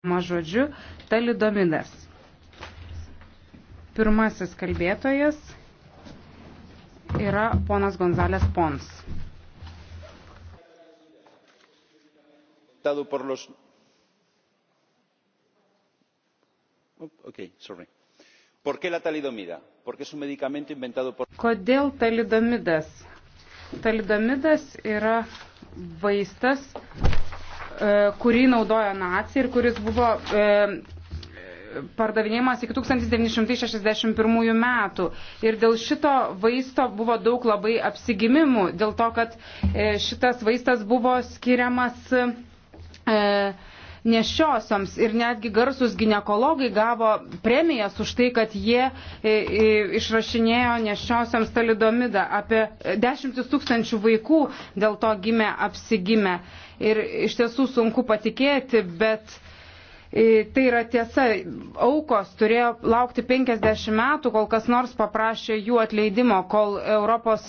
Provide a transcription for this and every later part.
žodžiu talidomidas. Pirmasis kalbėtojas yra ponas Gonzalės Pons. Kodėl talidomidas? Talidomidas yra vaistas E, kurį naudojo nacija ir kuris buvo e, pardavinėjimas iki 1961 metų. Ir dėl šito vaisto buvo daug labai apsigimimų, dėl to, kad e, šitas vaistas buvo skiriamas nešiosioms ir netgi garsus gynekologai gavo premijas už tai, kad jie e, e, išrašinėjo nešiosioms talidomidą. Apie dešimtis tūkstančių vaikų dėl to gimė apsigimę. Ir iš tiesų sunku patikėti, bet Tai yra tiesa, aukos turėjo laukti 50 metų, kol kas nors paprašė jų atleidimo, kol Europos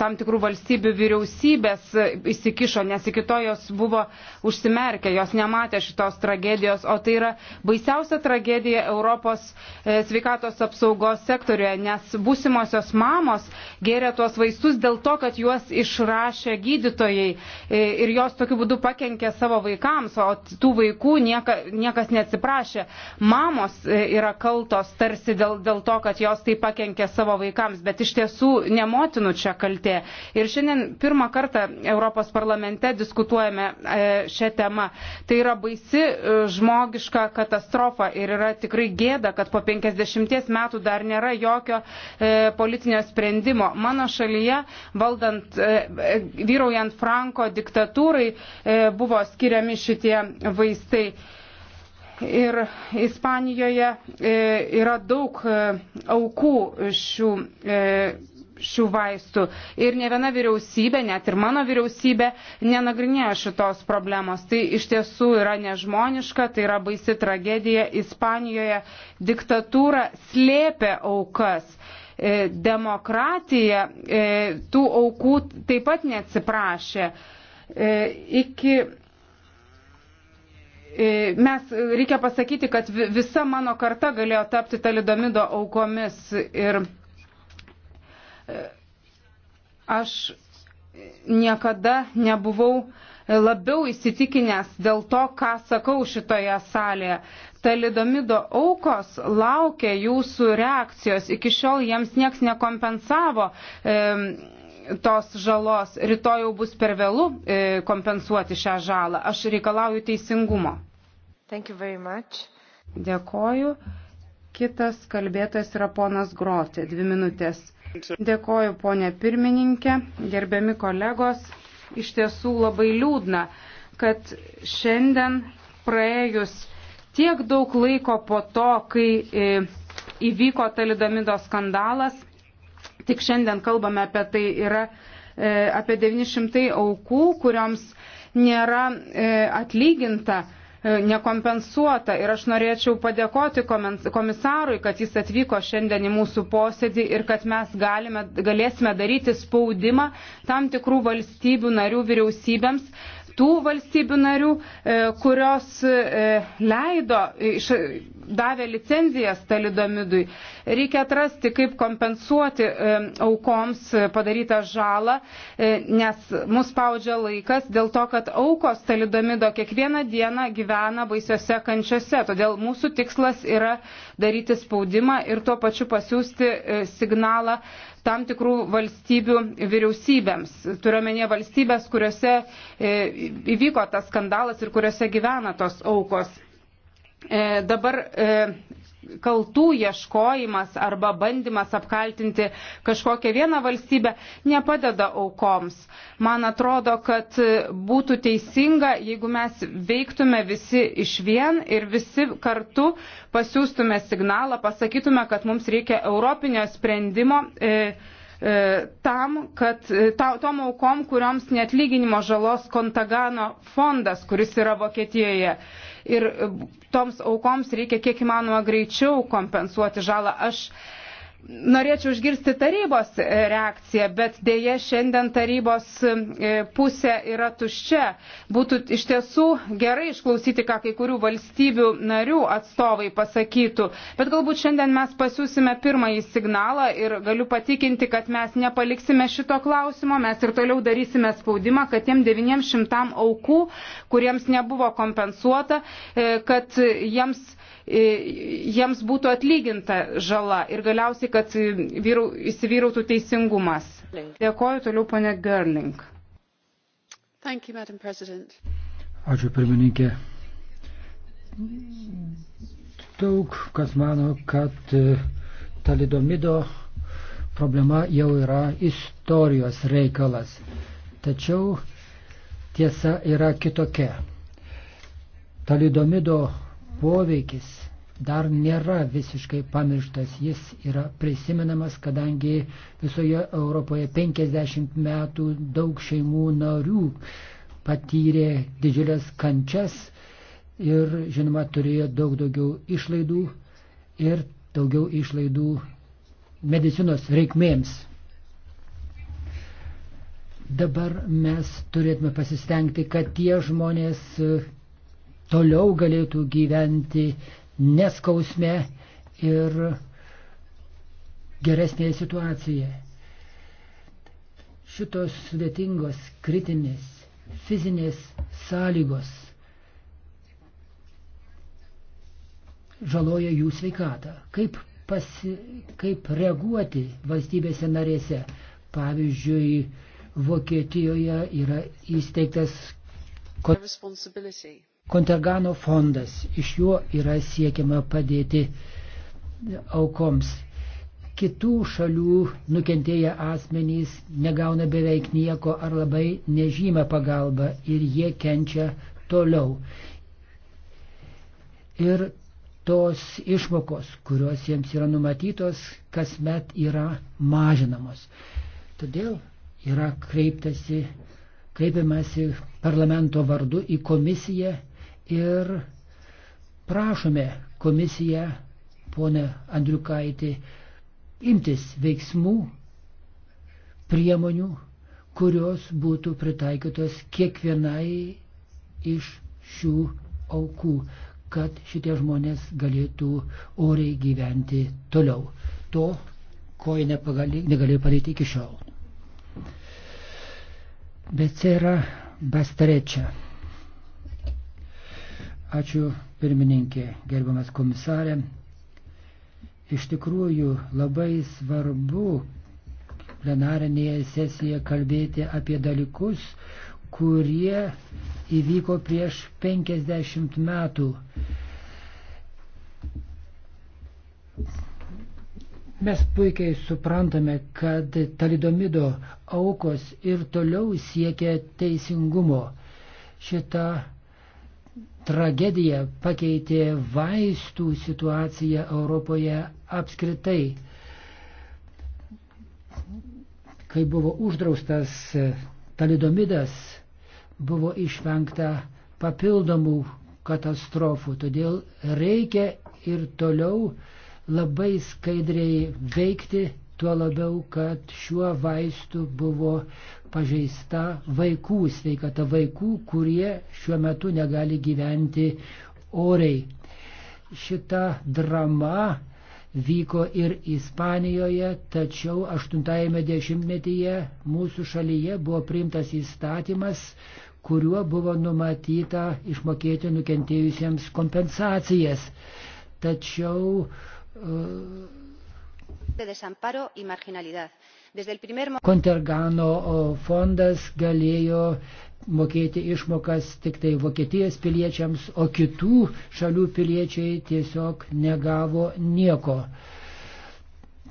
tam tikrų valstybių vyriausybės įsikišo, nes iki to jos buvo užsimerkę, jos nematė šitos tragedijos, o tai yra baisiausia tragedija Europos e, sveikatos apsaugos sektoriuje, nes būsimosios mamos gėrė tuos vaistus dėl to, kad juos išrašė gydytojai e, ir jos tokiu būdu pakenkė savo vaikams, o tų vaikų nieka, niekas neatsiprašė. Mamos e, yra kaltos tarsi dėl, dėl to, kad jos tai pakenkė savo vaikams, bet iš tiesų ne motinų čia kaltė. Ir šiandien pirmą kartą Europos parlamente diskutuojame e, šią temą. Tai yra baisi žmogiška katastrofa ir yra tikrai gėda, kad po 50 metų dar nėra jokio politinio sprendimo teismo. Mano šalyje, valdant, e, e, vyraujant Franko diktatūrai, e, buvo skiriami šitie vaistai. Ir Ispanijoje yra daug aukų šių šių vaistų. Ir ne viena vyriausybė, net ir mano vyriausybė, nenagrinėjo šitos problemos. Tai iš tiesų yra nežmoniška, tai yra baisi tragedija. Ispanijoje diktatūra slėpė aukas. E, demokratija e, tų aukų taip pat neatsiprašė. E, iki Mes reikia pasakyti, kad visa mano karta galėjo tapti talidomido aukomis ir aš niekada nebuvau labiau įsitikinęs dėl to, ką sakau šitoje salėje. Talidomido aukos laukia jūsų reakcijos. Iki šiol jiems nieks nekompensavo e, tos žalos. Rytoj jau bus per vėlų e, kompensuoti šią žalą. Aš reikalauju teisingumo. Dėkoju. Kitas kalbėtas yra ponas Grotė. Dvi minutės. Dėkoju, ponė pirmininkė, gerbiami kolegos iš tiesų labai liūdna, kad šiandien praėjus tiek daug laiko po to, kai e, įvyko talidamido skandalas, tik šiandien kalbame apie tai, yra e, apie 900 aukų, kurioms nėra e, atlyginta E, nekompensuota. Ir aš norėčiau padėkoti komisarui, kad jis atvyko šiandien į mūsų posėdį ir kad mes galime, galėsime daryti spaudimą tam tikrų valstybių narių vyriausybėms. Tų valstybių narių, e, kurios e, leido davė licenzijas talidomidui. Reikia atrasti, kaip kompensuoti e, aukoms padarytą žalą, e, nes mus spaudžia laikas dėl to, kad aukos talidomido kiekvieną dieną gyvena baisiose kančiose. Todėl mūsų tikslas yra daryti spaudimą ir tuo pačiu pasiūsti e, signalą tam tikrų valstybių vyriausybėms. Turiuomenė valstybės, kuriuose įvyko tas skandalas ir kuriuose gyvena tos aukos. E, dabar e, kaltų ieškojimas arba bandymas apkaltinti kažkokią vieną valstybę nepadeda aukoms. Man atrodo, kad būtų teisinga, jeigu mes veiktume visi iš vien ir visi kartu pasiūstume signalą, pasakytume, kad mums reikia europinio sprendimo. E, E, tam, kad e, ta, tom aukom, kurioms netlyginimo žalos Kontagano fondas, kuris yra Vokietijoje. Ir e, toms aukoms reikia kiek įmanoma greičiau kompensuoti žalą. Aš norėčiau išgirsti tarybos e, reakciją, bet dėje šiandien tarybos e, pusė yra tuščia. Būtų iš tiesų gerai išklausyti, ką kai kurių valstybių narių atstovai pasakytų, bet galbūt šiandien mes pasiūsime pirmąjį signalą ir galiu patikinti, kad mes nepaliksime šito klausimo, mes ir toliau darysime spaudimą, kad tiem 900 aukų, kuriems nebuvo kompensuota, e, kad jiems jiems būtų atlyginta žala ir galiausiai, kad vyrau, įsivyrautų teisingumas. Dėkoju toliau, ponė Gerling. Thank you, Madam President. Ačiū, pirmininkė. Daug kas mano, kad e, talidomido problema jau yra istorijos reikalas. Tačiau tiesa yra kitokia. Talidomido poveikis dar nėra visiškai pamirštas, jis yra prisimenamas, kadangi visoje Europoje 50 metų daug šeimų narių patyrė didžiulės kančias ir, žinoma, turėjo daug daugiau išlaidų ir daugiau išlaidų medicinos reikmėms. Dabar mes turėtume pasistengti, kad tie žmonės toliau galėtų gyventi neskausme ir geresnėje situacijoje. Šitos sudėtingos, kritinės, fizinės sąlygos žaloja jų sveikatą. Kaip, pasi, kaip reaguoti valstybėse narėse? Pavyzdžiui, Vokietijoje yra įsteigtas. Kon... Kontergano fondas, iš jo yra siekiama padėti aukoms. Kitų šalių nukentėję asmenys negauna beveik nieko ar labai nežymę pagalbą ir jie kenčia toliau. Ir tos išmokos, kurios jiems yra numatytos, kasmet yra mažinamos. Todėl yra kreiptasi, kreipiamasi parlamento vardu į komisiją ir prašome komisiją, ponę Andriukaitį, imtis veiksmų, priemonių, kurios būtų pritaikytos kiekvienai iš šių aukų, kad šitie žmonės galėtų oriai gyventi toliau. To, ko jie negalėjo padaryti iki šiol. Becera Bastarečia. Ačiū pirmininkė, gerbiamas komisarė. Iš tikrųjų labai svarbu plenarinėje sesijoje kalbėti apie dalykus, kurie įvyko prieš 50 metų. Mes puikiai suprantame, kad talidomido aukos ir toliau siekia teisingumo. Šita tragedija pakeitė vaistų situaciją Europoje apskritai. Kai buvo uždraustas talidomidas, buvo išvengta papildomų katastrofų. Todėl reikia ir toliau labai skaidriai veikti Tuo labiau, kad šiuo vaistu buvo pažeista vaikų sveikata, vaikų, kurie šiuo metu negali gyventi oriai. Šita drama vyko ir Ispanijoje, tačiau 80-ame dešimtmetyje mūsų šalyje buvo priimtas įstatymas, kuriuo buvo numatyta išmokėti nukentėjusiems kompensacijas. Tačiau uh, Kontergano fondas galėjo mokėti išmokas tik tai Vokietijos piliečiams, o kitų šalių piliečiai tiesiog negavo nieko.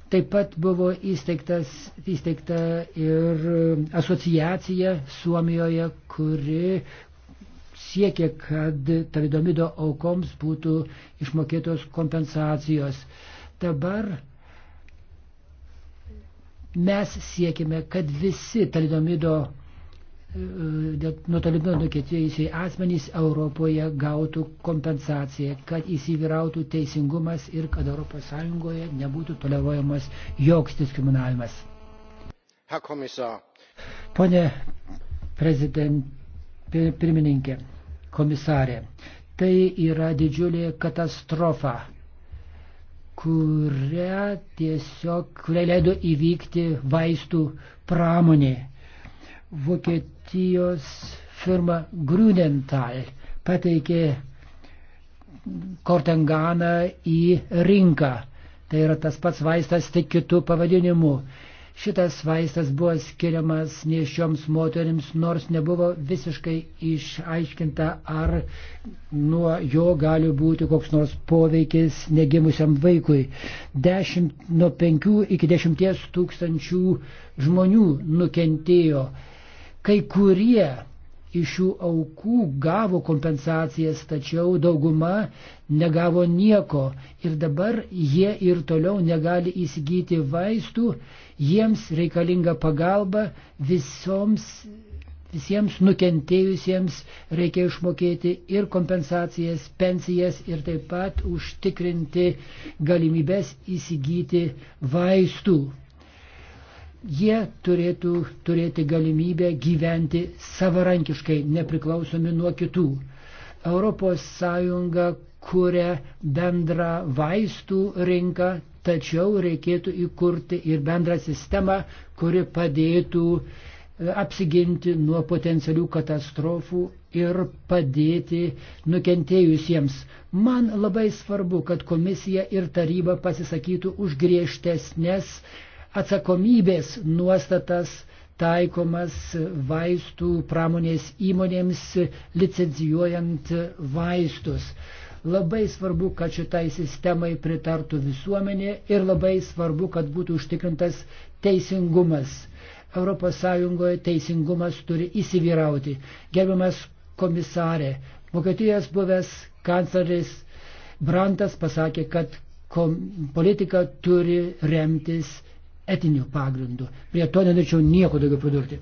Taip pat buvo įsteigta ir asociacija Suomijoje, kuri siekia, kad talidomido aukoms būtų išmokėtos kompensacijos. Dabar Mes siekime, kad visi talidomido e, e, nuo talibino nukentėjusiai asmenys Europoje gautų kompensaciją, kad įsivyrautų teisingumas ir kad ES nebūtų toleruojamas joks diskriminavimas. Pone prezident, pirmininkė, komisarė, tai yra didžiulė katastrofa kuria tiesiog, kuria leido įvykti vaistų pramonė. Vokietijos firma Grünenthal pateikė Kortenganą į rinką. Tai yra tas pats vaistas tik kitų pavadinimų. Šitas vaistas buvo skiriamas nešioms moteriams, nors nebuvo visiškai išaiškinta, ar nuo jo gali būti koks nors poveikis negimusiam vaikui. Dešimt, nuo 5 iki 10 tūkstančių žmonių nukentėjo. Kai kurie iš šių aukų gavo kompensacijas, tačiau dauguma negavo nieko ir dabar jie ir toliau negali įsigyti vaistų, jiems reikalinga pagalba, visoms, visiems nukentėjusiems reikia išmokėti ir kompensacijas, pensijas ir taip pat užtikrinti galimybės įsigyti vaistų jie turėtų turėti galimybę gyventi savarankiškai, nepriklausomi nuo kitų. ES kuria bendrą vaistų rinką, tačiau reikėtų įkurti ir bendrą sistemą, kuri padėtų e, apsiginti nuo potencialių katastrofų ir padėti nukentėjusiems. Man labai svarbu, kad komisija ir taryba pasisakytų už griežtesnės atsakomybės nuostatas taikomas vaistų pramonės įmonėms licencijuojant vaistus. Labai svarbu, kad šitai sistemai pritartų visuomenė ir labai svarbu, kad būtų užtikrintas teisingumas. ES teisingumas turi įsivyrauti. Gerbiamas komisarė, Vokietijos buvęs kancleris Brantas pasakė, kad politika turi remtis etiniu pagrindu. Prie to nenorėčiau nieko daugiau pridurti.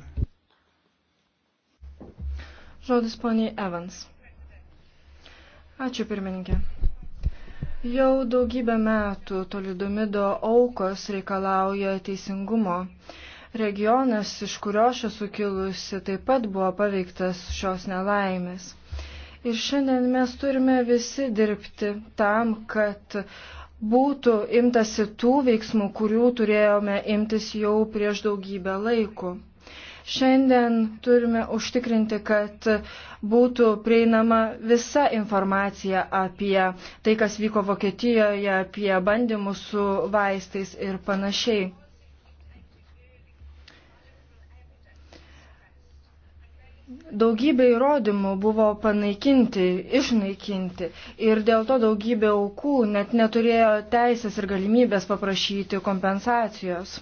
Žodis poniai Evans. Ačiū pirmininkė. Jau daugybę metų tolidomido aukos reikalauja teisingumo. Regionas, iš kurio aš esu kilusi, taip pat buvo paveiktas šios nelaimės. Ir šiandien mes turime visi dirbti tam, kad būtų imtasi tų veiksmų, kurių turėjome imtis jau prieš daugybę laikų. Šiandien turime užtikrinti, kad būtų prieinama visa informacija apie tai, kas vyko Vokietijoje, apie bandymus su vaistais ir panašiai. daugybė įrodymų buvo panaikinti, išnaikinti ir dėl to daugybė aukų net neturėjo teisės ir galimybės paprašyti kompensacijos.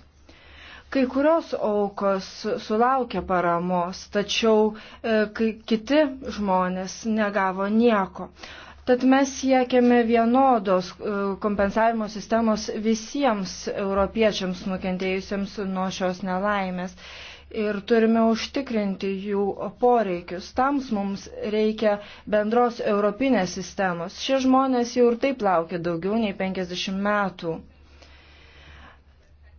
Kai kurios aukos sulaukė paramos, tačiau e, kai kiti žmonės negavo nieko. Tad mes siekiame vienodos e, kompensavimo sistemos visiems europiečiams nukentėjusiems nuo šios nelaimės ir turime užtikrinti jų poreikius. Tams mums reikia bendros europinės sistemos. Šie žmonės jau ir taip laukia daugiau nei 50 metų.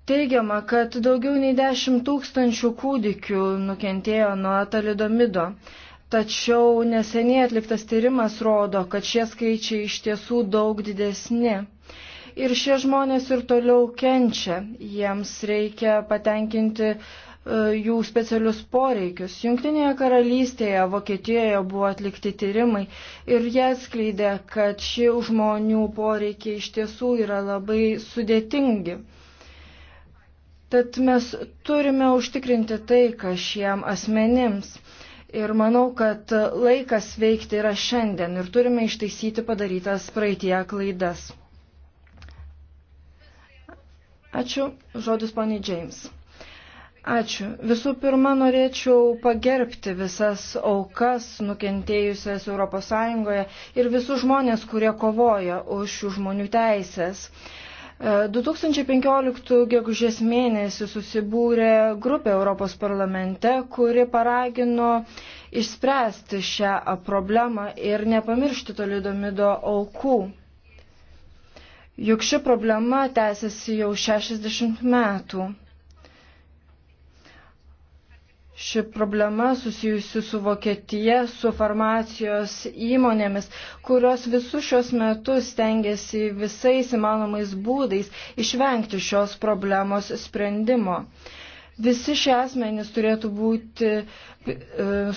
Teigiama, kad daugiau nei 10 tūkstančių kūdikių nukentėjo nuo talidomido. Tačiau neseniai atliktas tyrimas rodo, kad šie skaičiai iš tiesų daug didesni ir šie žmonės ir toliau kenčia. Jiems reikia patenkinti E, jų specialius poreikius. Junktinėje karalystėje, Vokietijoje buvo atlikti tyrimai ir jie atskleidė, kad šie žmonių poreikiai iš tiesų yra labai sudėtingi. Tad mes turime užtikrinti tai, kas šiem asmenims. Ir manau, kad laikas veikti yra šiandien ir turime ištaisyti padarytas praeitie klaidas. Ačiū. Žodis poniai James. Ačiū. Visų pirma, norėčiau pagerbti visas aukas nukentėjusias ES ir visus žmonės, kurie kovoja už šių žmonių teisės. 2015 e, gegužės mėnesį susibūrė grupė Europos parlamente, kuri paragino išspręsti šią problemą ir nepamiršti tolidomido aukų. Juk ši problema tęsiasi jau 60 metų. Ši problema susijusi su Vokietija, su farmacijos įmonėmis, kurios visus šios metus tengiasi visais įmanomais būdais išvengti šios problemos sprendimo. Visi šie asmenys turėtų būti e,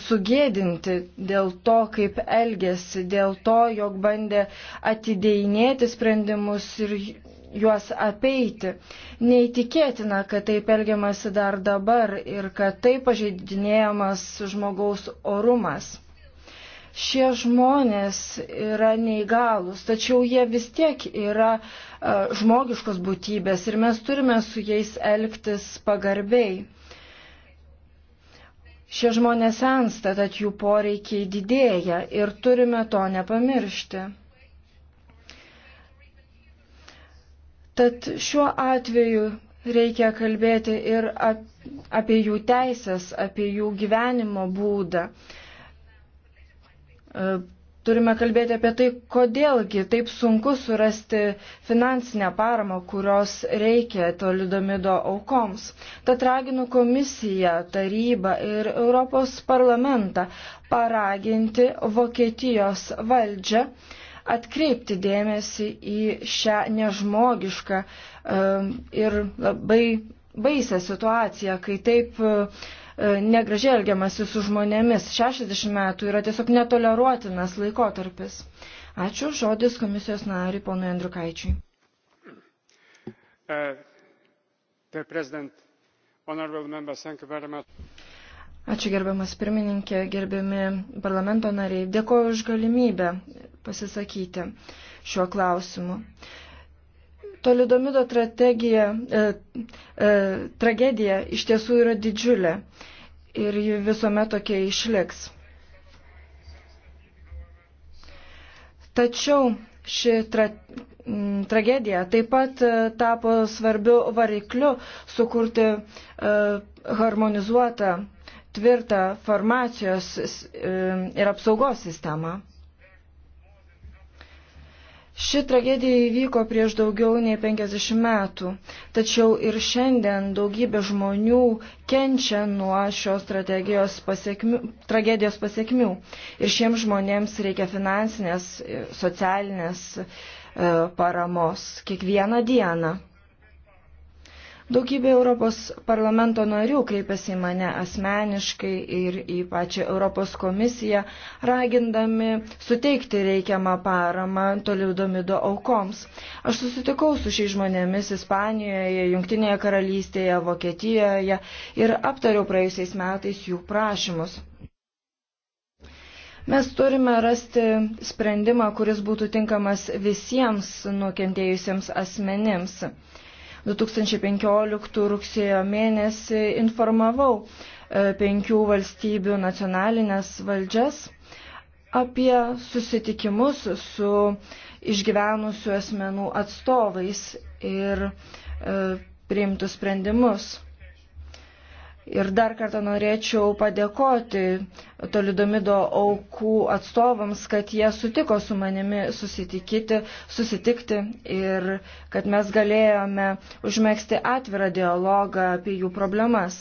sugėdinti dėl to, kaip elgesi, dėl to, jog bandė atideinėti sprendimus ir juos apeiti. Neįtikėtina, kad taip elgiamasi dar dabar ir kad taip pažeidinėjamas žmogaus orumas. Šie žmonės yra neįgalus, tačiau jie vis tiek yra uh, žmogiškos būtybės ir mes turime su jais elgtis pagarbiai. Šie žmonės sensta, tad jų poreikiai didėja ir turime to nepamiršti. Tad šiuo atveju reikia kalbėti ir apie jų teisės, apie jų gyvenimo būdą. E, turime kalbėti apie tai, kodėlgi taip sunku surasti finansinę paramą, kurios reikia tolidomido aukoms. Tad raginu komisiją, tarybą ir Europos parlamentą paraginti Vokietijos valdžią atkreipti dėmesį į šią nežmogišką um, ir labai baisę situaciją, kai taip uh, negražiai elgiamasi su žmonėmis. 60 metų yra tiesiog netoleruotinas laikotarpis. Ačiū žodis komisijos nariui ponui Andriukaičiui. Uh, Ačiū gerbiamas pirmininkė, gerbiami parlamento nariai. Dėkuoju už galimybę pasisakyti šiuo klausimu. Tolidomido strategija, e, e, tragedija iš tiesų yra didžiulė ir ji visuomet tokia išliks. Tačiau ši tra, tragedija taip pat e, tapo svarbiu varikliu sukurti e, harmonizuotą, tvirtą farmacijos e, ir apsaugos sistemą. Ši tragedija įvyko prieš daugiau nei 50 metų, tačiau ir šiandien daugybė žmonių kenčia nuo šios pasiekmių, tragedijos pasiekmių. Ir šiems žmonėms reikia finansinės, socialinės e, paramos kiekvieną dieną. Daugybė Europos parlamento narių kreipėsi į mane asmeniškai ir į pačią Europos komisiją, ragindami suteikti reikiamą paramą toliudomido aukoms. Aš susitikau su šiais žmonėmis Ispanijoje, Junktinėje karalystėje, Vokietijoje ir aptariau praėjusiais metais jų prašymus. Mes turime rasti sprendimą, kuris būtų tinkamas visiems nukentėjusiems asmenims. 2015 rugsėjo mėnesį informavau e, penkių valstybių nacionalinės valdžias apie susitikimus su išgyvenusių asmenų atstovais ir e, priimtus sprendimus. Ir dar kartą norėčiau padėkoti Tolidomido aukų atstovams, kad jie sutiko su manimi susitikti, susitikti ir kad mes galėjome užmėgsti atvirą dialogą apie jų problemas.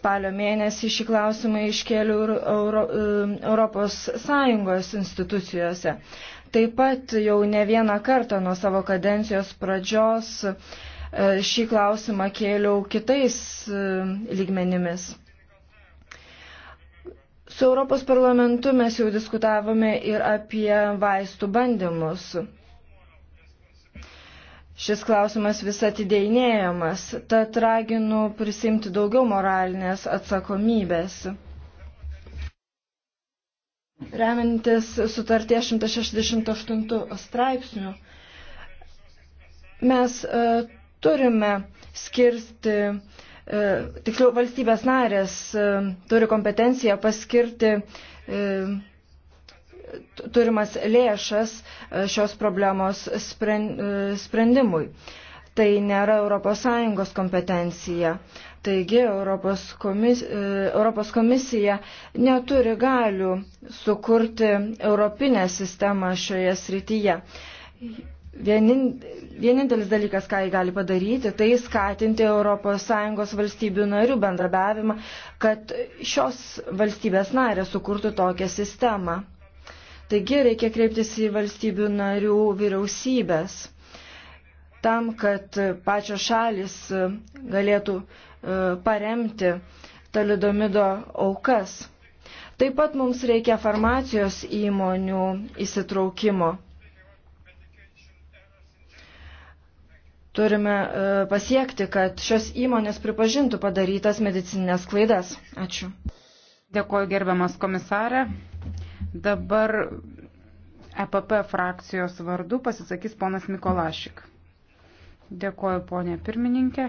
Spalio mėnesį šį klausimą iškėliau ir Euro, e, Europos Sąjungos institucijose. Taip pat jau ne vieną kartą nuo savo kadencijos pradžios uh, E, šį klausimą kėliau kitais e, lygmenimis. Su Europos parlamentu mes jau diskutavome ir apie vaistų bandymus. Šis klausimas vis atidėjinėjamas, tad raginu prisimti daugiau moralinės atsakomybės. Remintis sutartie 168 straipsnių, mes e, turime skirsti, e, tiksliau valstybės narės e, turi kompetenciją paskirti e, turimas lėšas šios problemos sprendimui. Tai nėra ES kompetencija. Taigi Europos komisija, Europos komisija neturi galių sukurti europinę sistemą šioje srityje. Vienin, vienintelis dalykas, ką jį gali padaryti, tai skatinti ES valstybių narių bendrabiavimą, kad šios valstybės narės sukurtų tokią sistemą. Taigi reikia kreiptis į valstybių narių vyriausybės tam, kad pačios šalis galėtų e, paremti talidomido aukas. Taip pat mums reikia farmacijos įmonių įsitraukimo Turime e, pasiekti, kad šios įmonės pripažintų padarytas medicinės klaidas. Ačiū. Dėkuoju gerbiamas komisarė. Dabar EPP frakcijos vardu pasisakys ponas Mikolašik. Dėkuoju ponė pirmininkė.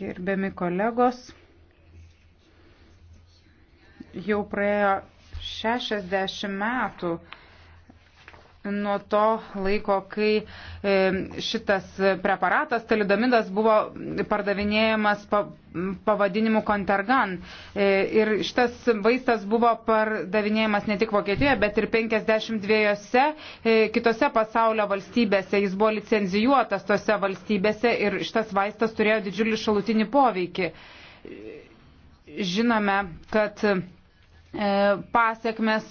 Gerbiami kolegos, jau praėjo 60 metų nuo to laiko, kai e, šitas preparatas, talidomidas, buvo pardavinėjamas pavadinimu Kontergan. E, ir šitas vaistas buvo pardavinėjamas ne tik Vokietijoje, bet ir 52 e, kitose pasaulio valstybėse. Jis buvo licenzijuotas tose valstybėse ir šitas vaistas turėjo didžiulį šalutinį poveikį. Žinome, kad E, pasiekmes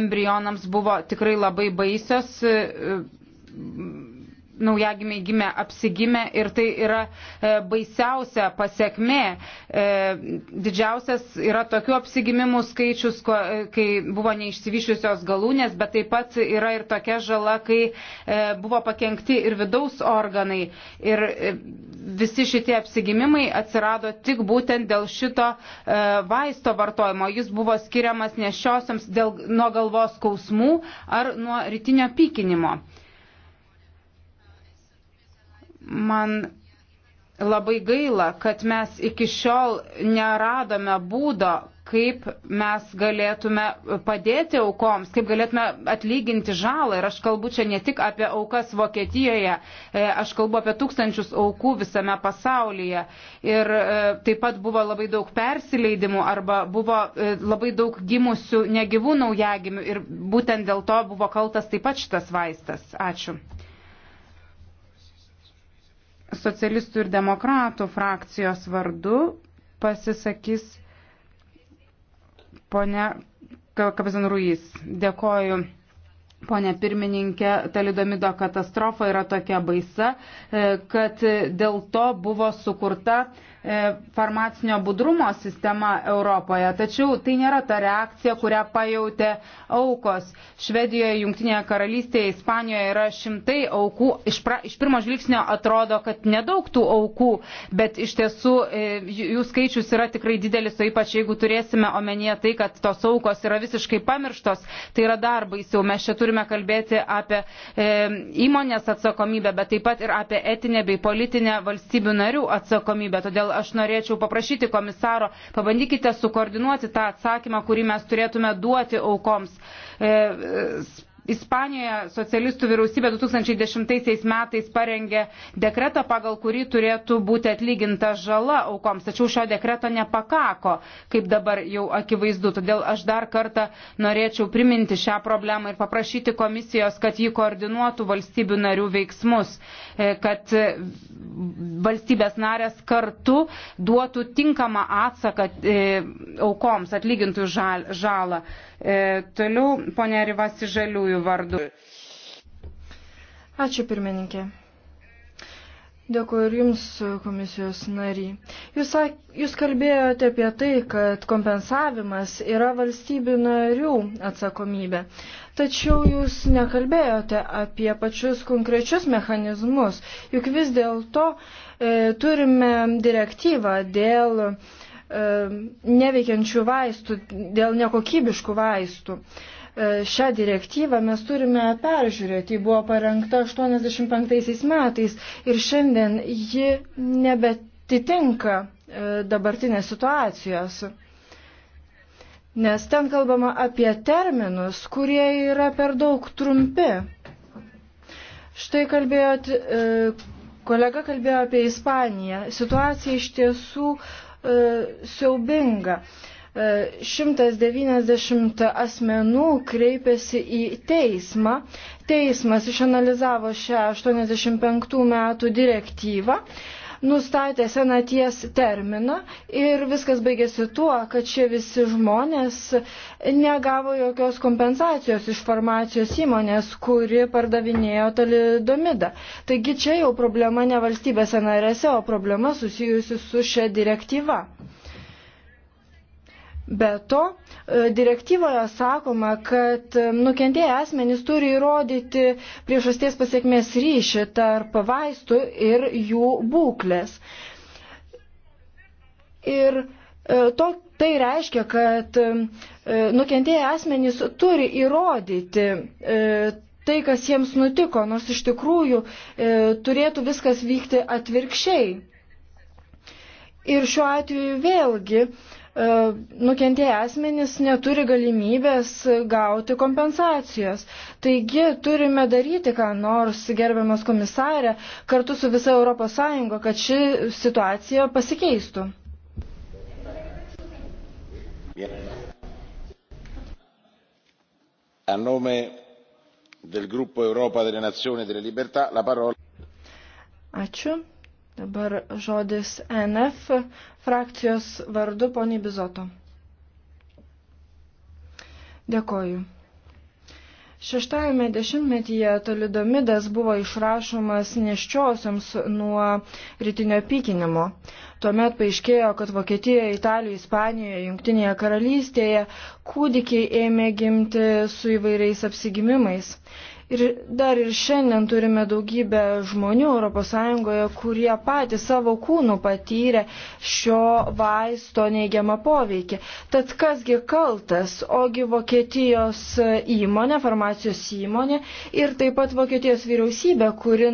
embrionams buvo tikrai labai baisios e, naujagimiai gimė apsigimę ir tai yra e, baisiausia pasiekmė. E, didžiausias yra tokių apsigimimų skaičius, ko, e, kai buvo neišsivyšiusios galūnės, bet taip pat yra ir tokia žala, kai e, buvo pakengti ir vidaus organai. Ir e, visi šitie apsigimimai atsirado tik būtent dėl šito e, vaisto vartojimo. Jis buvo skiriamas nešiosiams dėl, nuo galvos skausmų ar nuo rytinio pykinimo. Man labai gaila, kad mes iki šiol neradome būdo, kaip mes galėtume padėti aukoms, kaip galėtume atlyginti žalą. Ir aš kalbu čia ne tik apie aukas Vokietijoje, e, aš kalbu apie tūkstančius aukų visame pasaulyje. Ir e, taip pat buvo labai daug persileidimų arba buvo e, labai daug gimusių negyvų naujagimių. Ir būtent dėl to buvo kaltas taip pat šitas vaistas. Ačiū socialistų ir demokratų frakcijos vardu pasisakys ponia Kabzan Ruiz. Dėkoju. Pone pirmininkė, talidomido katastrofa yra tokia baisa, e, kad dėl to buvo sukurta E, farmacinio budrumo sistema Europoje. Tačiau tai nėra ta reakcija, kurią pajautė aukos. Švedijoje, Junktinėje karalystėje, Ispanijoje yra šimtai aukų. Iš, pra, iš pirmo žvilgsnio atrodo, kad nedaug tų aukų, bet iš tiesų e, jų skaičius yra tikrai didelis, o ypač jeigu turėsime omenyje tai, kad tos aukos yra visiškai pamirštos, tai yra dar baisiau. Mes čia turime kalbėti apie e, įmonės atsakomybę, bet taip pat ir apie etinę bei politinę valstybių narių atsakomybę. Todėl Todėl aš norėčiau paprašyti komisaro, pabandykite sukoordinuoti tą atsakymą, kurį mes turėtume duoti aukoms. E, e Ispanijoje socialistų vyriausybė 2010 metais parengė dekretą, pagal kurį turėtų būti atlyginta žala aukoms, tačiau šio dekreto nepakako, kaip dabar jau akivaizdu. Todėl aš dar kartą norėčiau priminti šią problemą ir paprašyti komisijos, kad jį koordinuotų valstybių narių veiksmus, e, kad valstybės narės kartu duotų tinkamą atsaką e, aukoms atlygintų žalą. E, toliau, ponė Rivasi Žaliųjų vardu. Ačiū pirmininkė. Dėkuoju ir Jums, komisijos nariai. Jūs, jūs kalbėjote apie tai, kad kompensavimas yra valstybių narių atsakomybė. Tačiau Jūs nekalbėjote apie pačius konkrečius mechanizmus. Juk vis dėlto e, turime direktyvą dėl e, E, neveikiančių vaistų, dėl nekokybiškų vaistų. E, šią direktyvą mes turime peržiūrėti. Ji buvo parengta 85 metais ir šiandien ji nebetitinka e, dabartinės situacijos. Nes ten kalbama apie terminus, kurie yra per daug trumpi. Štai kalbėjot, kolega kalbėjo apie Ispaniją. Situacija iš tiesų uh, E, siaubinga. 190 e, asmenų kreipėsi į teismą. Teismas išanalizavo šią 85 metų direktyvą nustatė senaties terminą ir viskas baigėsi tuo, kad šie visi žmonės negavo jokios kompensacijos iš farmacijos įmonės, kuri pardavinėjo talidomidą. Taigi čia jau problema ne valstybėse narėse, o problema susijusi su šia direktyva. Be to, e, direktyvoje sakoma, kad e, nukentėję asmenys turi įrodyti priežasties pasiekmės ryšį tarp vaistų ir jų būklės. Ir e, to, tai reiškia, kad nukentėję asmenys turi įrodyti tai, kas jiems nutiko, nors iš tikrųjų turėtų viskas vykti atvirkščiai. Ir šiuo atveju vėlgi E, nukentėję asmenys neturi galimybės gauti kompensacijos. Taigi turime daryti, ką nors, gerbiamas komisarė, kartu su visa ES, kad ši situacija pasikeistų. A nome del gruppo Europa delle Nazioni e delle Libertà la parola. Ačiū. Dabar žodis NF frakcijos vardu poniai Bizoto. Dėkoju. Šeštajame dešimtmetyje tolidomidas buvo išrašomas neščiosioms nuo rytinio pykinimo. Tuomet paaiškėjo, kad Vokietijoje, Italijoje, Ispanijoje, Junktinėje karalystėje kūdikiai ėmė gimti su įvairiais apsigimimais. Ir dar ir šiandien turime daugybę žmonių ES, kurie patys savo kūnų patyrė šio vaisto neigiamą poveikį. Tad kasgi kaltas, ogi Vokietijos įmonė, farmacijos įmonė ir taip pat Vokietijos vyriausybė, kuri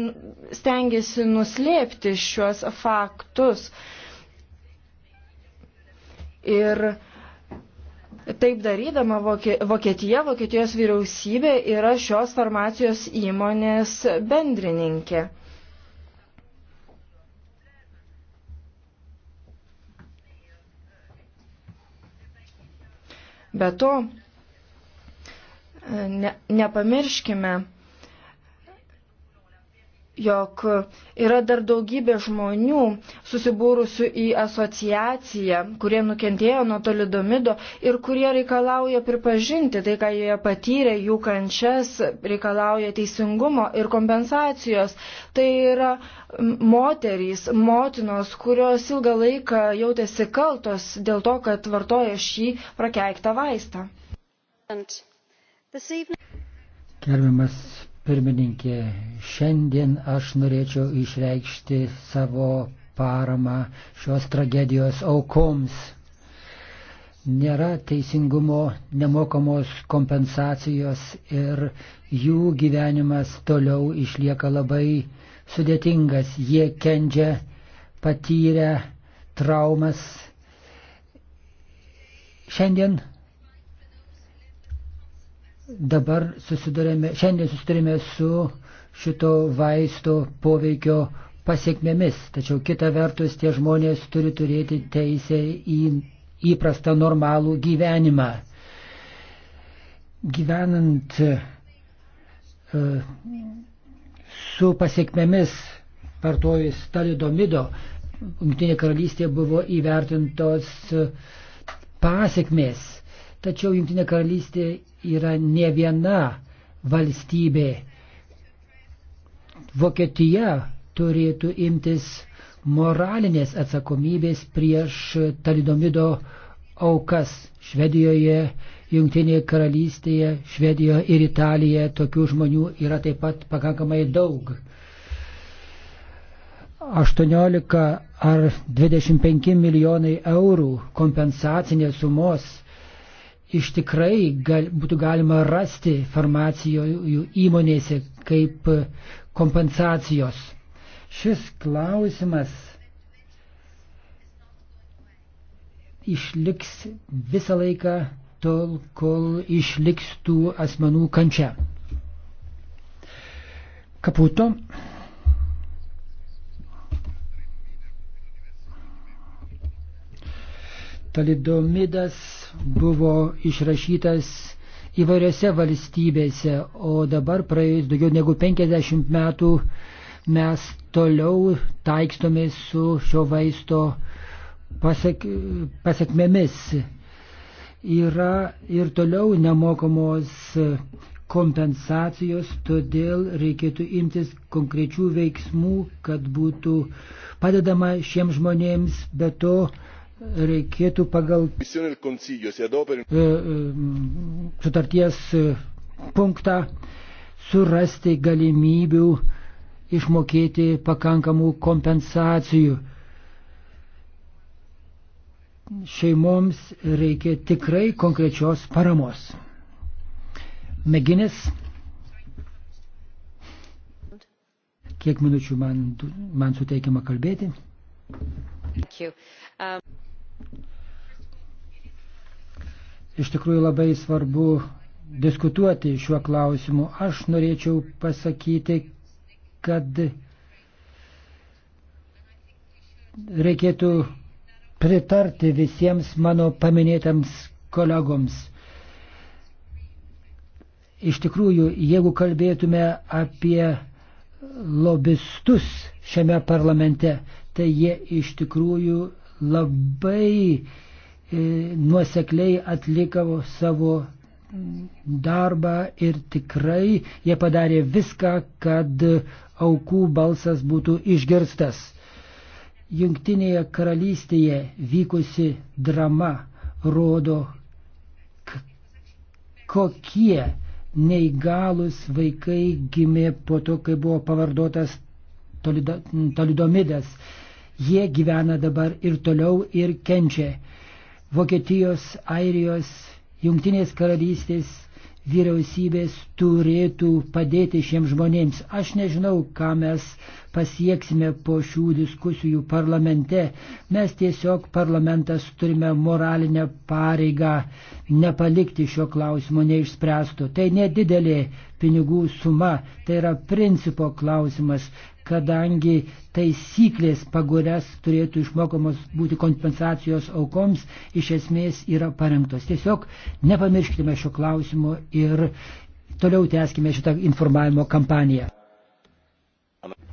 stengiasi nuslėpti šiuos faktus. Ir Taip darydama Vokietija, Vokietijos vyriausybė yra šios farmacijos įmonės bendrininkė. Be to, ne, nepamirškime, jog yra dar daugybė žmonių susibūrusių į asociaciją, kurie nukentėjo nuo tolidomido ir kurie reikalauja pripažinti tai, ką jie patyrė, jų kančias, reikalauja teisingumo ir kompensacijos. Tai yra moterys, motinos, kurios ilgą laiką jautėsi kaltos dėl to, kad vartoja šį prakeiktą vaistą. Gerbiamas pirmininkė, šiandien aš norėčiau išreikšti savo paramą šios tragedijos aukoms. Nėra teisingumo, nemokamos kompensacijos ir jų gyvenimas toliau išlieka labai sudėtingas. Jie kenčia, patyrę traumas. Šiandien dabar susidurėme, šiandien susidurėme su šito vaisto poveikio pasiekmėmis. Tačiau kita vertus tie žmonės turi turėti teisę į įprastą normalų gyvenimą. Gyvenant uh, su pasiekmėmis vartojus talidomido, Junktinė karalystė buvo įvertintos e, pasiekmės. Tačiau Junktinė karalystė yra ne viena valstybė. Vokietija turėtų imtis moralinės atsakomybės prieš talidomido aukas Švedijoje, Junktinėje karalystėje, Švedijoje ir Italijoje. Tokių žmonių yra taip pat pakankamai daug. 18 ar 25 milijonai eurų kompensacinės sumos iš tikrai gal, būtų galima rasti farmacijų įmonėse kaip kompensacijos. Šis klausimas išliks visą laiką tol, kol išliks tų asmenų kančia. Kaputo. Talidomidas buvo išrašytas įvairiose valstybėse, o dabar praėjus daugiau negu 50 metų mes toliau taikstomės su šio vaisto pasiek, pasiekmėmis. Yra ir toliau nemokamos kompensacijos, todėl reikėtų imtis konkrečių veiksmų, kad būtų padedama šiems žmonėms, bet to reikėtų pagal e, e, sutarties e, punktą surasti galimybių išmokėti pakankamų kompensacijų. Šeimoms reikia tikrai konkrečios paramos. Meginis. Kiek minučių man, man suteikiama kalbėti? Um... Iš tikrųjų labai svarbu diskutuoti šiuo klausimu. Aš norėčiau pasakyti, kad reikėtų pritarti visiems mano paminėtams kolegoms. Iš tikrųjų, jeigu kalbėtume apie lobistus šiame parlamente, tai jie iš tikrųjų labai e, nuosekliai atlikavo savo darbą ir tikrai jie padarė viską, kad aukų balsas būtų išgirstas. Jungtinėje karalystėje vykusi drama rodo, kokie neįgalus vaikai gimė po to, kai buvo pavardotas tolidomidas. Tolido Jie gyvena dabar ir toliau ir kenčia. Vokietijos, Airijos, Jungtinės karalystės vyriausybės turėtų padėti šiems žmonėms. Aš nežinau, ką mes pasieksime po šių diskusijų parlamente. Mes tiesiog parlamentas turime moralinę pareigą nepalikti šio klausimo neišspręsto. Tai nedidelė pinigų suma, tai yra principo klausimas kadangi taisyklės, pagurias turėtų išmokamos būti kompensacijos aukoms, iš esmės yra parengtos. Tiesiog nepamirškime šio klausimo ir toliau tęskime šitą informavimo kampaniją.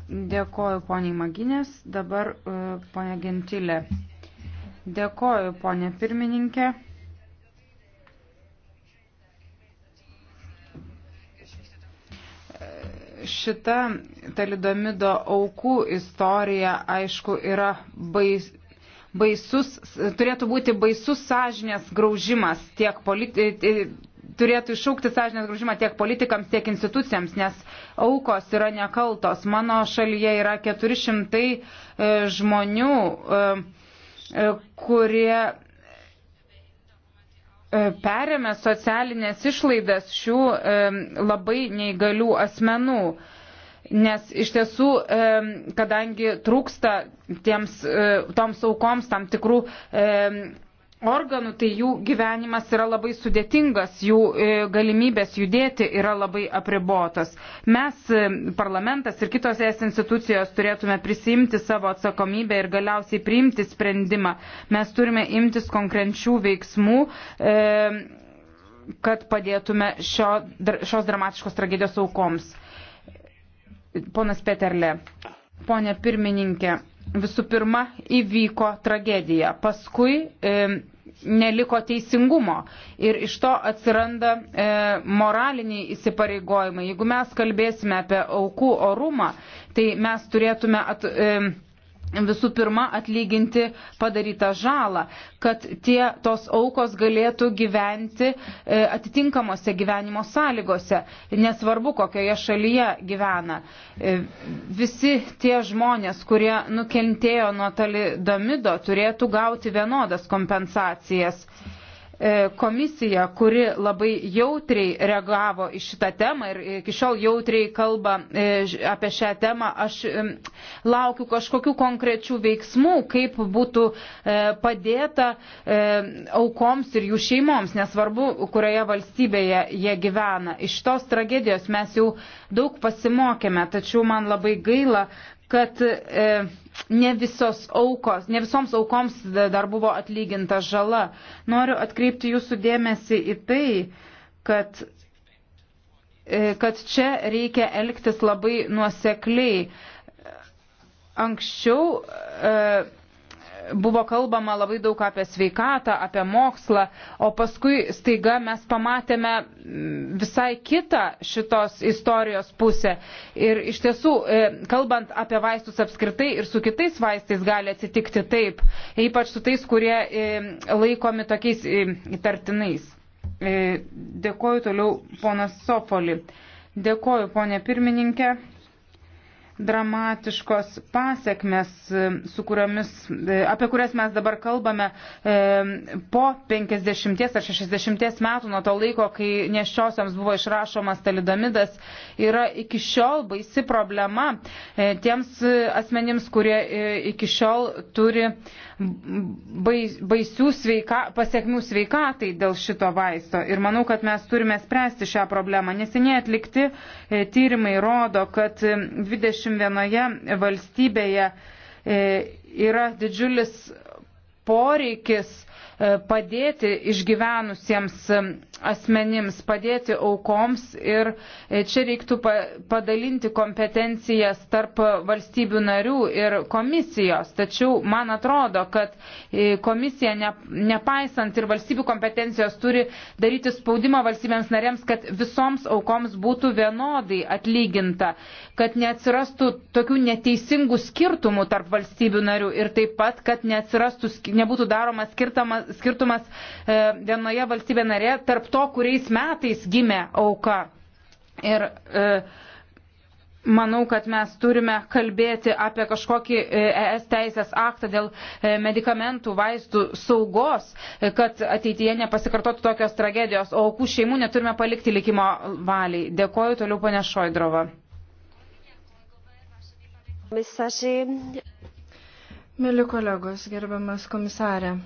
Dėkoju poniai Maginės, dabar uh, ponia Gentilė. Dėkoju ponia pirmininkė. šita talidomido aukų istorija, aišku, yra bais, baisus, turėtų būti baisus sąžinės graužimas tiek politikai e, e, turėtų iššaukti sąžinės grūžimą tiek politikams, tiek institucijams, nes aukos yra nekaltos. Mano šalyje yra 400 e, žmonių, kurie E, perėmė socialinės išlaidas šių e, labai neįgalių asmenų. Nes iš tiesų, e, kadangi trūksta tiems, toms aukoms tam tikrų organų, tai jų gyvenimas yra labai sudėtingas, jų e, galimybės judėti yra labai apribotos. Mes, e, parlamentas ir kitos es institucijos, turėtume prisimti savo atsakomybę ir galiausiai priimti sprendimą. Mes turime imtis konkrečių veiksmų. E, kad padėtume šio, šios dramatiškos tragedijos aukoms. Ponas Peterle, ponė pirmininkė, visų pirma įvyko tragedija, paskui e, neliko teisingumo ir iš to atsiranda e, moraliniai įsipareigojimai. Jeigu mes kalbėsime apie aukų orumą, tai mes turėtume at, e, visų pirma atlyginti padarytą žalą, kad tie tos aukos galėtų gyventi e, atitinkamose gyvenimo sąlygose, nesvarbu kokioje šalyje gyvena. E, visi tie žmonės, kurie nukentėjo nuo talidomido, turėtų gauti vienodas kompensacijas. E, komisija, kuri labai jautriai reagavo į šitą temą ir iki šiol jautriai kalba e, apie šią temą, aš e, laukiu kažkokių konkrečių veiksmų, kaip būtų padėta aukoms ir jų šeimoms, nesvarbu, kurioje valstybėje jie gyvena. Iš tos tragedijos mes jau daug pasimokėme, tačiau man labai gaila, kad e, ne, visos aukos, ne visoms aukoms dar buvo atlyginta žala. Noriu atkreipti jūsų dėmesį į tai, kad, e, kad čia reikia elgtis labai nuosekliai. Anksčiau e, buvo kalbama labai daug apie sveikatą, apie mokslą, o paskui staiga mes pamatėme mm, visai kitą šitos istorijos pusę. Ir iš tiesų, e, kalbant apie vaistus apskritai ir su kitais vaistais gali atsitikti taip, ypač su tais, kurie e, laikomi tokiais e, įtartinais. Dėkoju toliau ponas Sofoli. Dėkoju, ponė pirmininkė dramatiškos pasiekmes, e, kuriomis, e, apie kurias mes dabar kalbame e, po 50 ar 60 metų nuo to laiko, kai neščiosioms buvo išrašomas talidamidas, yra iki šiol baisi problema tiems asmenims, kurie iki šiol turi baisių sveika, pasiekmių sveikatai dėl šito vaisto. Ir manau, kad mes turime spręsti šią problemą. Neseniai atlikti tyrimai rodo, kad 20 21 valstybėje e, yra didžiulis poreikis E, padėti išgyvenusiems e, asmenims, padėti aukoms ir e, čia reiktų padalinti kompetencijas tarp valstybių narių ir komisijos. Tačiau man atrodo, kad komisija, nepaisant ir valstybių kompetencijos, turi daryti spaudimą valstybėms narėms, kad visoms aukoms būtų vienodai atlyginta, kad neatsirastų tokių neteisingų skirtumų tarp valstybių narių ir taip pat, kad neatsirastų, nebūtų daroma skirtama skirtumas e, vienoje valstybė narė tarp to, kuriais metais gimė auka. Ir e, manau, kad mes turime kalbėti apie kažkokį ES e teisės aktą dėl e, medikamentų, vaistų saugos, kad ateityje nepasikartotų tokios tragedijos, o aukų šeimų neturime palikti likimo valiai. Dėkoju toliau, ponė Šoidrova. Mėly kolegos, gerbiamas komisarė.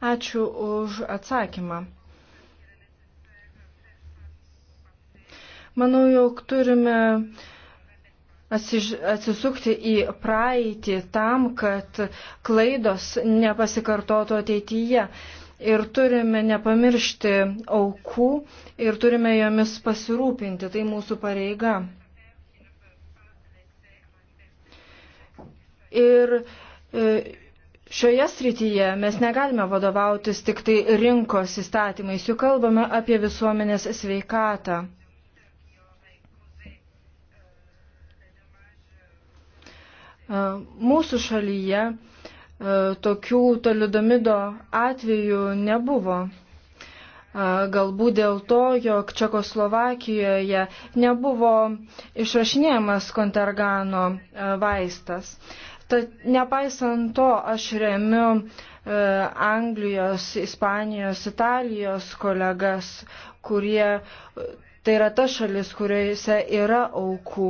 Ačiū už atsakymą. Manau, jog turime atsisukti į praeitį tam, kad klaidos nepasikartotų ateityje. Ir turime nepamiršti aukų ir turime jomis pasirūpinti. Tai mūsų pareiga. Ir e, Šioje srityje mes negalime vadovautis tik tai rinkos įstatymais, juk kalbame apie visuomenės sveikatą. Mūsų šalyje tokių talidomido atvejų nebuvo. Galbūt dėl to, jog Čekoslovakijoje nebuvo išrašinėjamas kontergano vaistas. Tad nepaisant to, aš remiu e, Anglijos, Ispanijos, Italijos kolegas, kurie e, tai yra ta šalis, kuriuose yra aukų.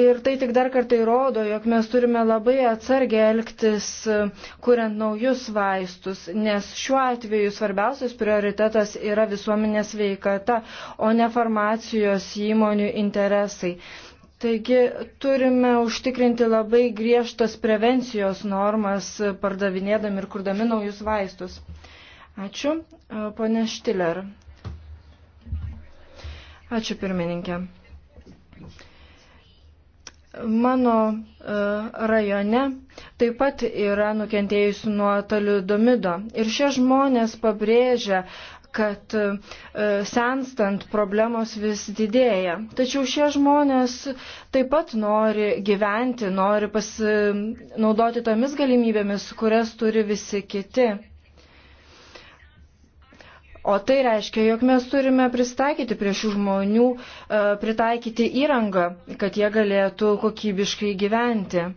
Ir tai tik dar kartą įrodo, jog mes turime labai atsargiai elgtis, e, kuriant naujus vaistus, nes šiuo atveju svarbiausias prioritetas yra visuomenės veikata, o ne farmacijos įmonių interesai. Taigi turime užtikrinti labai griežtas prevencijos normas, pardavinėdami ir kurdami naujus vaistus. Ačiū, ponė Štiler. Ačiū, pirmininkė. Mano e, rajone taip pat yra nukentėjusių nuo talidomido. Ir šie žmonės pabrėžia, kad e, senstant problemos vis didėja. Tačiau šie žmonės taip pat nori gyventi, nori pasinaudoti tomis galimybėmis, kurias turi visi kiti. O tai reiškia, jog mes turime pristaikyti prie šių žmonių, e, pritaikyti įrangą, kad jie galėtų kokybiškai gyventi.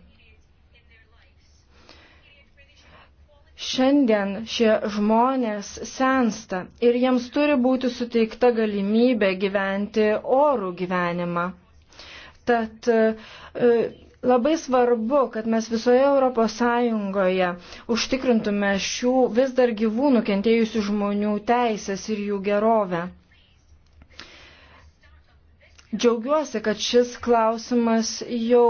Šiandien šie žmonės sensta ir jiems turi būti suteikta galimybė gyventi orų gyvenimą. Tad e, labai svarbu, kad mes visoje ES užtikrintume šių vis dar gyvų nukentėjusių žmonių teisės ir jų gerovę. Džiaugiuosi, kad šis klausimas jau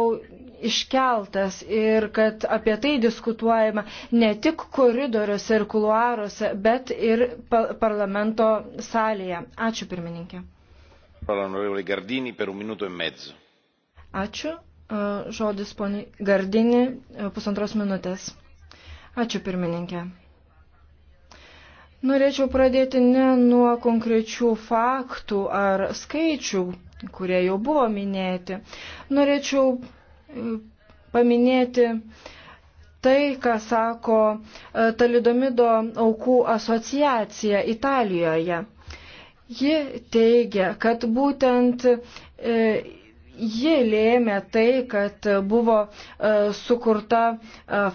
iškeltas ir kad apie tai diskutuojama ne tik koridoriuose ir kuluaruose, bet ir parlamento salėje. Ačiū pirmininkė. E Ačiū. E, žodis poni Gardini, e, pusantros minutės. Ačiū pirmininkė. Norėčiau pradėti ne nuo konkrečių faktų ar skaičių, kurie jau buvo minėti. Norėčiau paminėti tai, ką sako e, talidomido aukų asociacija Italijoje. Ji teigia, kad būtent e, ji lėmė tai, kad buvo e, sukurta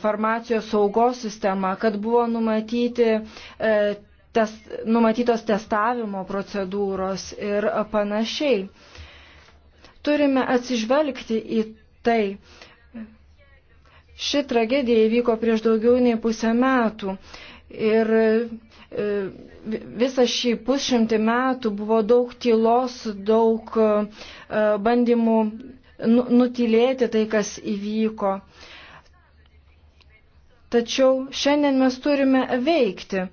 farmacijos saugos sistema, kad buvo numatyti tes, numatytos testavimo procedūros ir panašiai. Turime atsižvelgti į tai. Ši tragedija įvyko prieš daugiau nei pusę metų. Ir e, visą šį pusšimtį metų buvo daug tylos, daug e, bandymų nu, nutilėti tai, kas įvyko. Tačiau šiandien mes turime veikti,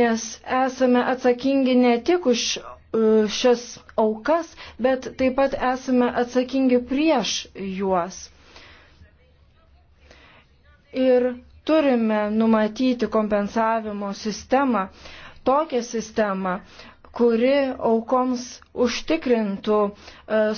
nes esame atsakingi ne tik už E, šias aukas, bet taip pat esame atsakingi prieš juos. Ir turime numatyti kompensavimo sistemą, tokią sistemą, kuri aukoms užtikrintų e,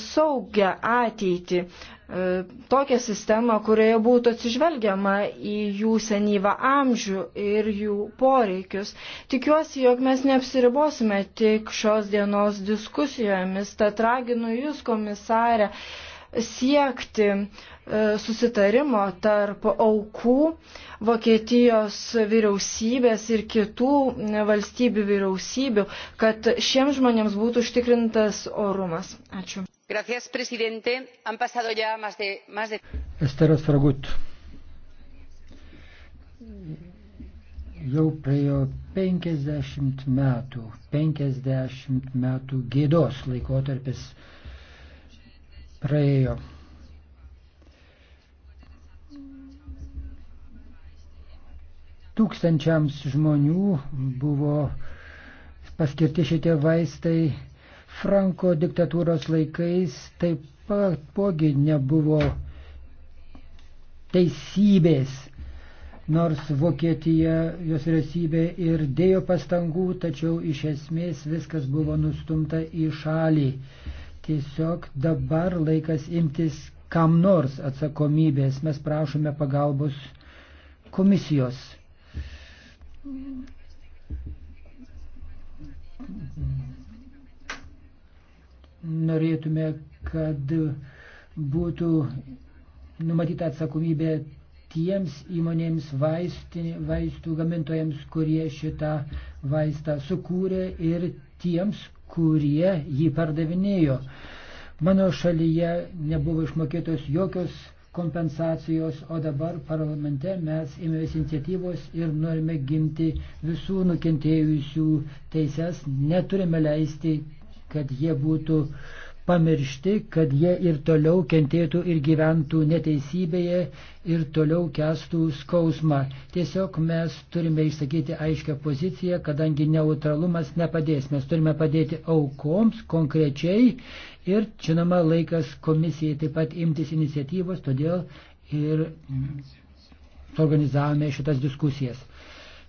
saugią ateitį. E, tokią sistemą, kurioje būtų atsižvelgiama į jų senyvą amžių ir jų poreikius. Tikiuosi, jog mes neapsiribosime tik šios dienos diskusijomis, tad raginu Jūs, komisarė, siekti uh, E, susitarimo tarp aukų Vokietijos vyriausybės ir kitų valstybių vyriausybių, kad šiems žmonėms būtų užtikrintas orumas. Ačiū. Gracias, presidente. Han pasado ya más de... Más de... Esteras Fragut. Jau praėjo 50 metų, 50 metų gėdos laikotarpis praėjo. Tūkstančiams žmonių buvo paskirti šitie vaistai. Franko diktatūros laikais taip pat pogi nebuvo teisybės nors Vokietija, jos vyriausybė ir dėjo pastangų, tačiau iš esmės viskas buvo nustumta į šalį. Tiesiog dabar laikas imtis kam nors atsakomybės. Mes prašome pagalbos komisijos. Norėtume, kad būtų numatyta atsakomybė tiems įmonėms vaistin, vaistų gamintojams, kurie šitą vaistą sukūrė ir tiems, kurie jį pardavinėjo. Mano šalyje nebuvo išmokėtos jokios kompensacijos, o dabar parlamente mes ėmėmės iniciatyvos ir norime gimti visų nukentėjusių teises, neturime leisti, kad jie būtų pamiršti, kad jie ir toliau kentėtų ir gyventų neteisybėje ir toliau kestų skausmą. Tiesiog mes turime išsakyti aiškę poziciją, kadangi neutralumas nepadės. Mes turime padėti aukoms konkrečiai Ir, žinoma, laikas komisijai taip pat imtis iniciatyvos, todėl ir mm, suorganizavome šitas diskusijas.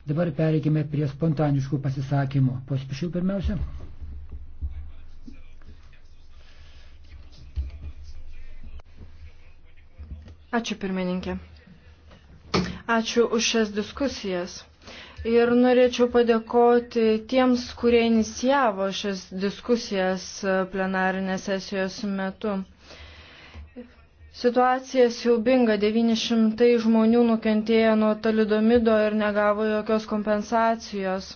Dabar pereikime prie spontaniškų pasisakymų. Pospišiau pirmiausia. Ačiū pirmininkė. Ačiū už šias diskusijas ir norėčiau padėkoti tiems, kurie inicijavo šias diskusijas e, plenarinės sesijos metu. Situacija siaubinga, 900 žmonių nukentėjo nuo talidomido ir negavo jokios kompensacijos.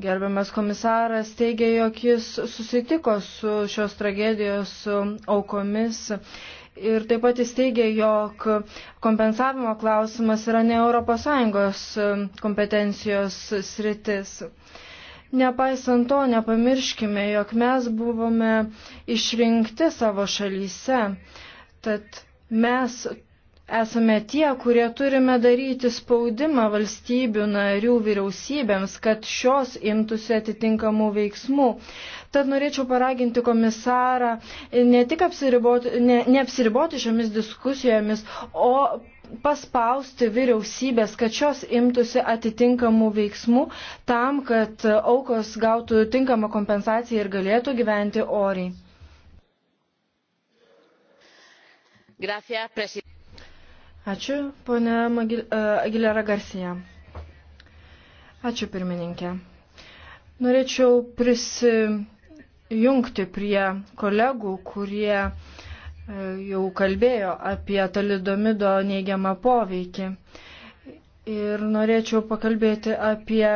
Gerbiamas komisaras teigia, jog jis susitiko su šios tragedijos aukomis Ir taip pat jis teigia, jog kompensavimo klausimas yra ne ES um, kompetencijos sritis. Nepaisant to, nepamirškime, jog mes buvome išrinkti savo šalyse, tad mes esame tie, kurie turime daryti spaudimą valstybių narių vyriausybėms, kad šios imtųsi atitinkamų veiksmų. Tad norėčiau paraginti komisarą ne tik apsiriboti, ne, neapsiriboti šiomis diskusijomis, o paspausti vyriausybės, kad šios imtųsi atitinkamų veiksmų tam, kad aukos gautų tinkamą kompensaciją ir galėtų gyventi oriai. Gracias, presidente Ačiū, ponė e, Agilera Garcija. Ačiū, pirmininkė. Norėčiau prisijungti prie kolegų, kurie e, jau kalbėjo apie talidomido neigiamą poveikį. Ir norėčiau pakalbėti apie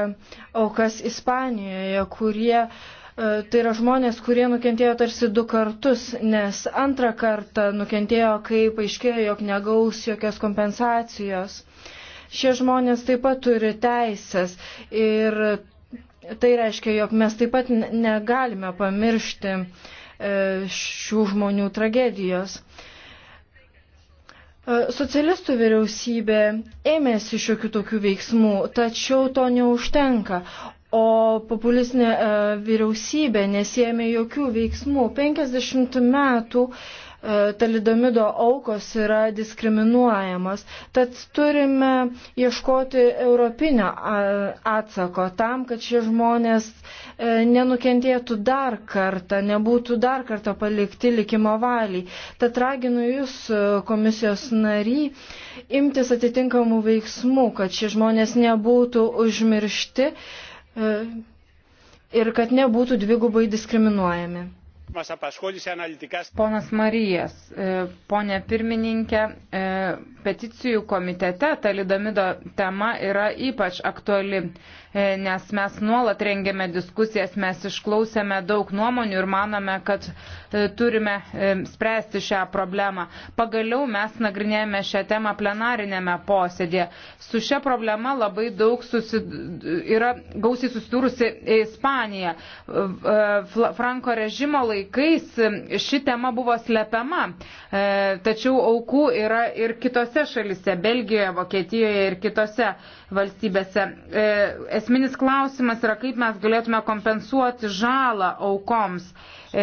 aukas Ispanijoje, kurie E, tai yra žmonės, kurie nukentėjo tarsi du kartus, nes antrą kartą nukentėjo, kai paaiškėjo, jog negaus jokios kompensacijos. Šie žmonės taip pat turi teisės ir tai reiškia, jog mes taip pat negalime pamiršti e, šių žmonių tragedijos. E, socialistų vyriausybė ėmėsi šiokių tokių veiksmų, tačiau to neužtenka o populistinė e, vyriausybė nesėmė jokių veiksmų. 50 metų e, talidomido aukos yra diskriminuojamas. Tad turime ieškoti europinio atsako tam, kad šie žmonės e, nenukentėtų dar kartą, nebūtų dar kartą palikti likimo valiai. Tad raginu Jūs, komisijos nary, imtis atitinkamų veiksmų, kad šie žmonės nebūtų užmiršti E, ir kad nebūtų dvigubai diskriminuojami. Ponas Marijas, e, ponė pirmininkė, e, peticijų komitete talidomido tema yra ypač aktuali. E, nes mes nuolat rengėme diskusijas, mes išklausėme daug nuomonių ir manome, kad e, turime e, spręsti šią problemą. Pagaliau mes nagrinėjame šią temą plenarinėme posėdėje. Su šia problema labai daug susi... yra gausiai susidūrusi Ispanija. Franko režimo laikais ši tema buvo slepiama, tačiau aukų yra ir kitose šalise - Belgijoje, Vokietijoje ir kitose valstybėse. Esminis klausimas yra, kaip mes galėtume kompensuoti žalą aukoms. E,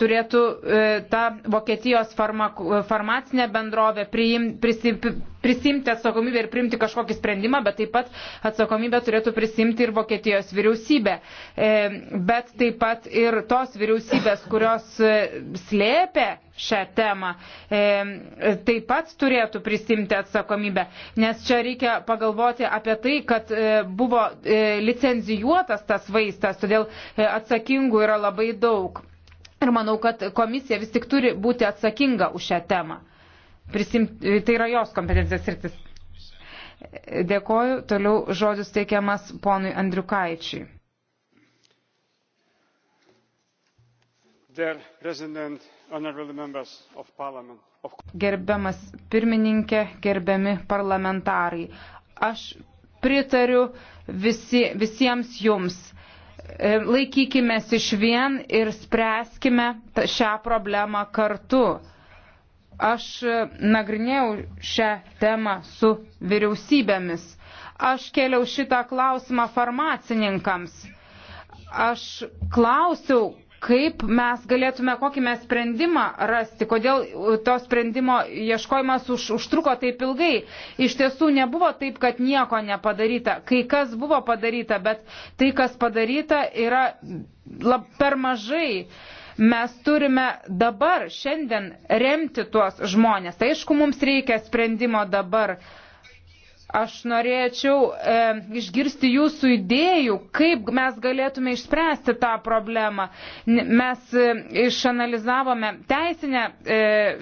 turėtų e, ta Vokietijos farmacinė bendrovė priim, prisim, prisimti atsakomybę ir priimti kažkokį sprendimą, bet taip pat atsakomybę turėtų prisimti ir Vokietijos vyriausybė. E, bet taip pat ir tos vyriausybės, kurios e, slėpė šią temą, taip pat turėtų prisimti atsakomybę. Nes čia reikia pagalvoti apie tai, kad buvo licenzijuotas tas vaistas, todėl atsakingų yra labai daug. Ir manau, kad komisija vis tik turi būti atsakinga už šią temą. Prisim, tai yra jos kompetencijos rytis. Dėkoju. Toliau žodis teikiamas ponui Andriukaičiui. Gerbiamas pirmininkė, gerbiami parlamentarai, aš pritariu visi, visiems jums. E, laikykime iš vien ir spręskime šią problemą kartu. Aš e, nagrinėjau šią temą su vyriausybėmis. Aš kėliau šitą klausimą farmacininkams. Aš klausiau, kaip mes galėtume, kokį mes sprendimą rasti, kodėl uh, to sprendimo ieškojimas už, užtruko taip ilgai. Iš tiesų nebuvo taip, kad nieko nepadaryta. Kai kas buvo padaryta, bet tai, kas padaryta, yra lab, per mažai mes turime dabar, šiandien remti tuos žmonės. Tai aišku, mums reikia sprendimo dabar, Aš norėčiau e, išgirsti jūsų idėjų, kaip mes galėtume išspręsti tą problemą. Mes e, išanalizavome teisinę e,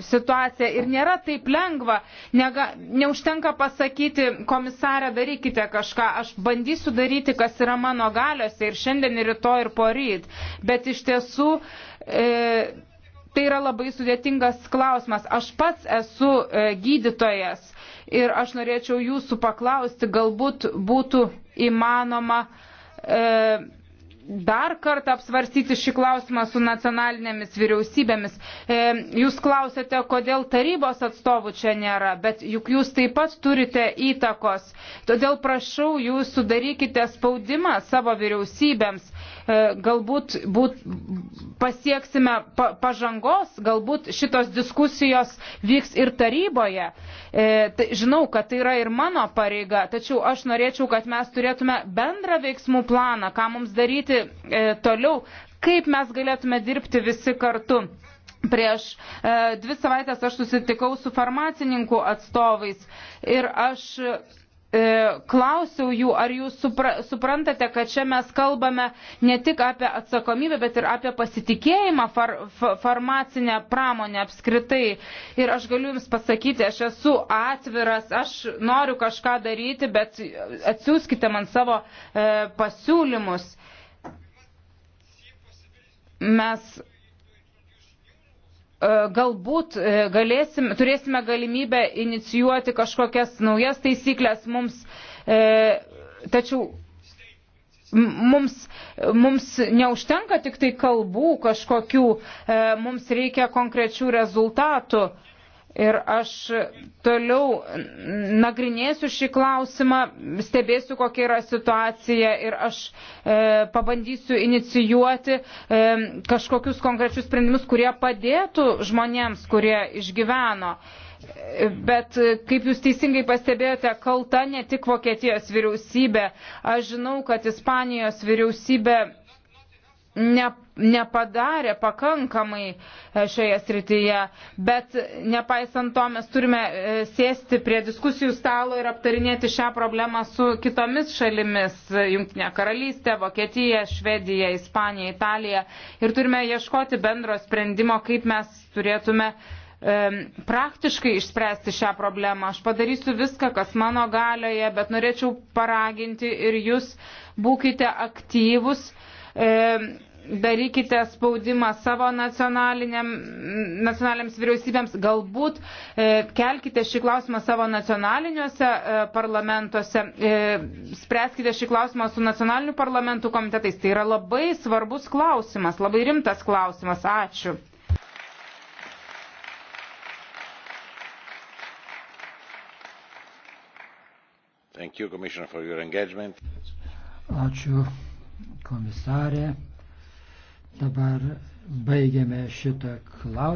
situaciją ir nėra taip lengva. Nega, neužtenka pasakyti, komisarė, darykite kažką. Aš bandysiu daryti, kas yra mano galiuose ir šiandien, ir rytoj, ir poryt. Bet iš tiesų. E, Tai yra labai sudėtingas klausimas. Aš pats esu e, gydytojas Ir aš norėčiau jūsų paklausti, galbūt būtų įmanoma e, dar kartą apsvarstyti šį klausimą su nacionalinėmis vyriausybėmis. E, jūs klausėte, kodėl tarybos atstovų čia nėra, bet juk jūs taip pat turite įtakos. Todėl prašau, jūs sudarykite spaudimą savo vyriausybėms E, galbūt būt, pasieksime pa, pažangos, galbūt šitos diskusijos vyks ir taryboje. E, tai, žinau, kad tai yra ir mano pareiga, tačiau aš norėčiau, kad mes turėtume bendrą veiksmų planą, ką mums daryti e, toliau, kaip mes galėtume dirbti visi kartu. Prieš e, dvi savaitės aš susitikau su farmacininkų atstovais ir aš E, klausiau jų, ar jūs supra, suprantate, kad čia mes kalbame ne tik apie atsakomybę, bet ir apie pasitikėjimą far, farmacinę pramonę apskritai. Ir aš galiu Jums pasakyti, aš esu atviras, aš noriu kažką daryti, bet atsiųskite man savo e, pasiūlymus. Mes E, galbūt e, galėsim, turėsime galimybę inicijuoti kažkokias naujas taisyklės mums, e, tačiau mums, mums neužtenka tik tai kalbų kažkokių, mums reikia konkrečių rezultatų. Ir aš toliau nagrinėsiu šį klausimą, stebėsiu, kokia yra situacija ir aš e, pabandysiu inicijuoti e, kažkokius konkrečius sprendimus, kurie padėtų žmonėms, kurie išgyveno. E, bet, e, kaip jūs teisingai pastebėjote, kalta ne tik Vokietijos vyriausybė. Aš žinau, kad Ispanijos vyriausybė ne, nepadarė pakankamai e, šioje srityje, bet nepaisant to mes turime e, sėsti prie diskusijų stalo ir aptarinėti šią problemą su kitomis šalimis e, - Junktinė karalystė, Vokietija, Švedija, Ispanija, Italija ir turime ieškoti bendro sprendimo, kaip mes turėtume praktiškai išspręsti šią problemą. Aš padarysiu viską, kas mano galioje, bet norėčiau paraginti ir jūs būkite aktyvus, uh, E, darykite spaudimą savo nacionaliniams vyriausybėms, galbūt e, kelkite šį klausimą savo nacionaliniuose e, parlamentuose, e, spręskite šį klausimą su nacionaliniu parlamentu komitetais. Tai yra labai svarbus klausimas, labai rimtas klausimas. Ačiū. Thank you, Commissioner, for your engagement. Ačiū komisarė. Dabar baigiame šitą klausimą.